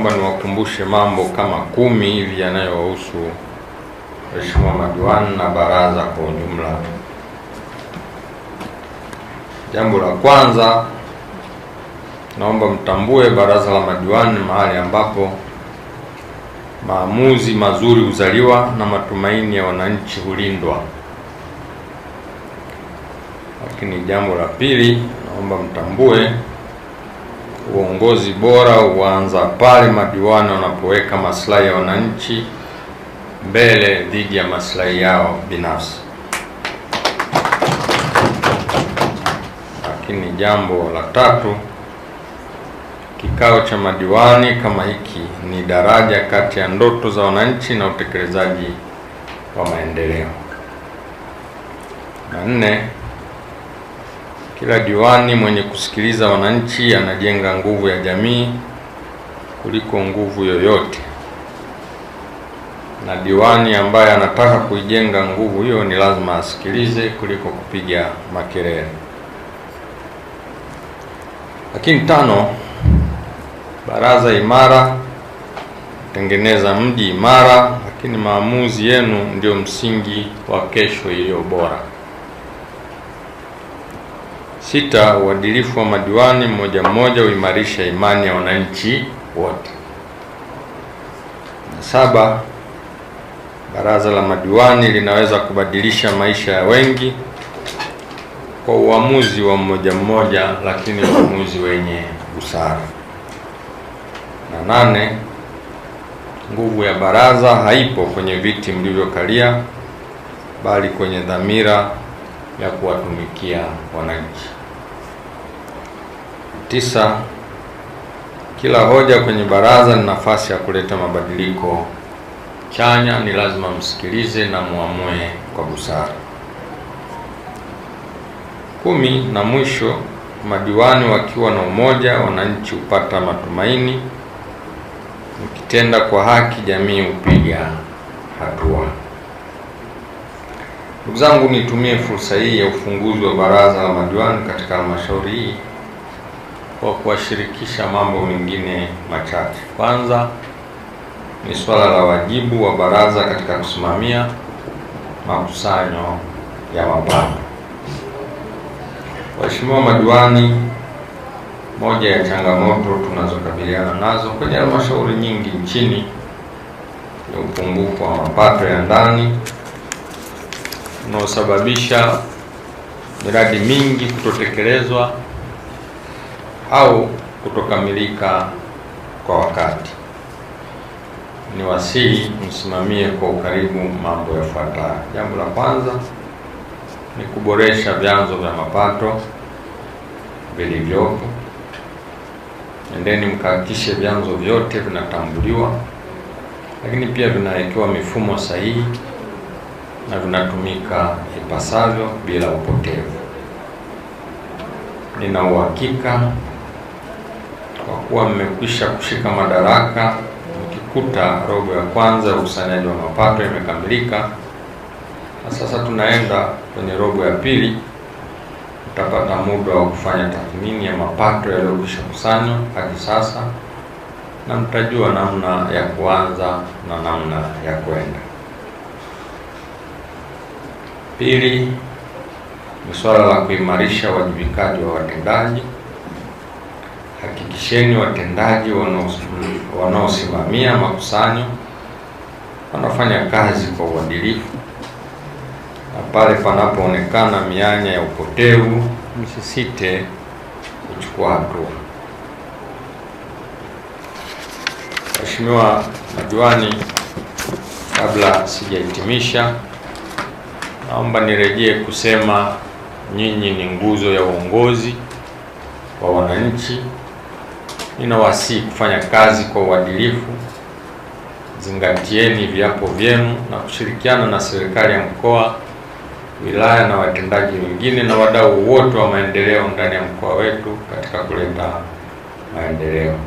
naomba niwakumbushe mambo kama kumi hivi yanayowahusu Mheshimiwa madiwani na baraza kwa ujumla. Jambo la kwanza, naomba mtambue baraza la madiwani mahali ambapo maamuzi mazuri huzaliwa na matumaini ya wananchi hulindwa. Lakini jambo la pili, naomba mtambue Uongozi bora huanza pale madiwani wanapoweka maslahi ya wananchi mbele dhidi ya maslahi yao binafsi. Lakini jambo la tatu, kikao cha madiwani kama hiki ni daraja kati ya ndoto za wananchi na utekelezaji wa maendeleo. Na nne kila diwani mwenye kusikiliza wananchi anajenga nguvu ya jamii kuliko nguvu yoyote, na diwani ambaye anataka kuijenga nguvu hiyo ni lazima asikilize kuliko kupiga makelele. Lakini tano, baraza imara tengeneza mji imara, lakini maamuzi yenu ndio msingi wa kesho iliyo bora. Sita, uadilifu wa madiwani mmoja mmoja huimarisha imani ya wananchi wote. Na saba, baraza la madiwani linaweza kubadilisha maisha ya wengi kwa uamuzi wa mmoja mmoja, lakini uamuzi wenye busara. Na nane, nguvu ya baraza haipo kwenye viti mlivyokalia, bali kwenye dhamira ya kuwatumikia wananchi tisa, kila hoja kwenye baraza ni nafasi ya kuleta mabadiliko chanya, ni lazima msikilize na muamue kwa busara. Kumi na mwisho, madiwani wakiwa na umoja, wananchi hupata matumaini. Mkitenda kwa haki, jamii hupiga hatua. Ndugu zangu, nitumie fursa hii ya ufunguzi wa baraza la madiwani katika halmashauri hii kwa kuwashirikisha mambo mengine machache. Kwanza ni suala la wajibu wa baraza katika kusimamia makusanyo ya mapato. Waheshimiwa madiwani, moja ya changamoto tunazokabiliana nazo kwenye halmashauri nyingi nchini ni upungufu wa mapato ya ndani unaosababisha miradi mingi kutotekelezwa au kutokamilika kwa wakati. Ni wasihi msimamie kwa ukaribu mambo yafuatayo. Jambo la kwanza ni kuboresha vyanzo vya mapato vilivyopo. Endeni mkahakikishe vyanzo vyote vinatambuliwa, lakini pia vinawekewa mifumo sahihi na vinatumika ipasavyo bila upotevu. Nina uhakika mtakapokuwa mmekwisha kushika madaraka, mkikuta robo ya kwanza ukusanyaji wa mapato imekamilika, na sasa tunaenda kwenye robo ya pili, mtapata muda wa kufanya tathmini ya mapato yaliyokwisha kusanywa hadi sasa, na mtajua namna ya kuanza na namna ya kwenda. Pili ni suala la kuimarisha uwajibikaji wa watendaji hakikisheni watendaji wanaosimamia makusanyo wanafanya kazi kwa uadilifu na pale panapoonekana mianya ya upotevu msisite kuchukua hatua. Mheshimiwa Madiwani, kabla sijahitimisha, naomba nirejee kusema nyinyi ni nguzo ya uongozi wa wananchi ninawasihi kufanya kazi kwa uadilifu, zingatieni viapo vyenu na kushirikiana na serikali ya mkoa, wilaya na watendaji wengine na wadau wote wa maendeleo ndani ya mkoa wetu katika kuleta maendeleo.